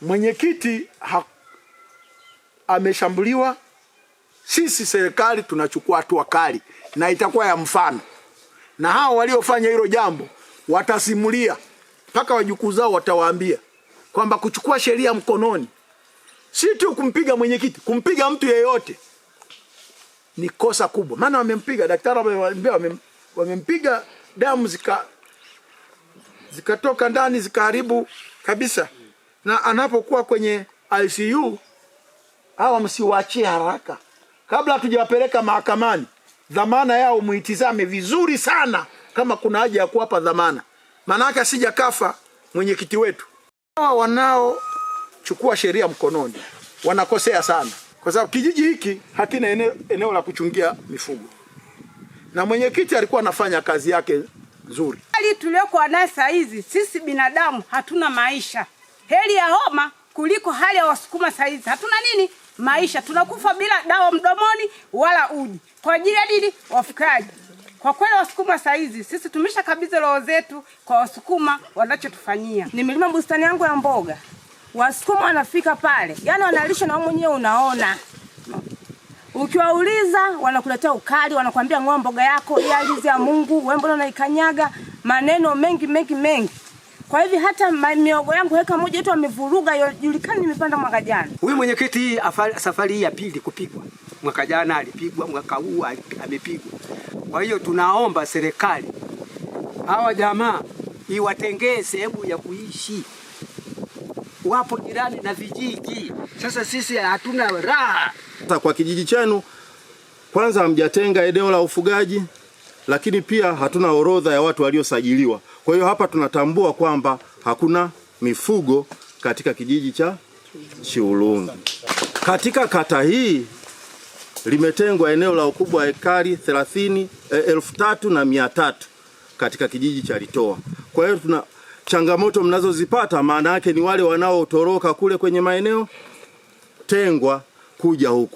Mwenyekiti ha, ameshambuliwa. Sisi serikali tunachukua hatua kali na itakuwa ya mfano, na hao waliofanya hilo jambo watasimulia mpaka wajukuu zao, watawaambia kwamba kuchukua sheria mkononi si tu kumpiga mwenyekiti, kumpiga mtu yeyote ni kosa kubwa. Maana wamempiga daktari, wamempiga wame damu zika zikatoka ndani zikaharibu kabisa na anapokuwa kwenye ICU hawa msiwaachie haraka, kabla hatujawapeleka mahakamani. Dhamana yao muitizame vizuri sana, kama kuna haja ya kuwapa dhamana, maanake asija kafa mwenyekiti wetu. Hawa wanaochukua sheria mkononi wanakosea sana, kwa sababu kijiji hiki hakina eneo, eneo la kuchungia mifugo, na mwenyekiti alikuwa anafanya kazi yake nzuri. Hali tuliokuwa nayo saa hizi, sisi binadamu hatuna maisha heri ya homa kuliko hali ya wasukuma saizi. Hatuna nini maisha, tunakufa bila dawa mdomoni wala uji kwa ajili ya nini? wafikaji? Kwa kweli wasukuma saizi sisi tumesha kabidhi roho zetu kwa wasukuma wanachotufanyia. Nimelima bustani yangu ya mboga, wasukuma wanafika pale, yani wanalisha na mwenyewe unaona Ukiwauliza wanakuletea ukali, wanakuambia ng'oa mboga yako, ya alizi ya Mungu, wewe mbona unaikanyaga? Maneno mengi mengi mengi. Kwa hivyo hata miogo yangu heka moja tu amevuruga, yojulikani nimepanda mwaka jana. Huyu mwenyekiti safari hii ya pili kupigwa, mwaka jana alipigwa, mwaka huu amepigwa. Kwa hiyo tunaomba serikali hawa jamaa iwatengee sehemu ya kuishi, wapo jirani na vijiji. Sasa sisi hatuna raha. Sasa kwa kijiji chenu, kwanza hamjatenga eneo la ufugaji, lakini pia hatuna orodha ya watu waliosajiliwa. Kwa hiyo hapa tunatambua kwamba hakuna mifugo katika kijiji cha Chiulungi. Katika kata hii limetengwa eneo la ukubwa wa ekari thelathini eh, elfu tatu na mia tatu katika kijiji cha Litoa. Kwa hiyo tuna changamoto mnazozipata, maana yake ni wale wanaotoroka kule kwenye maeneo tengwa kuja huku.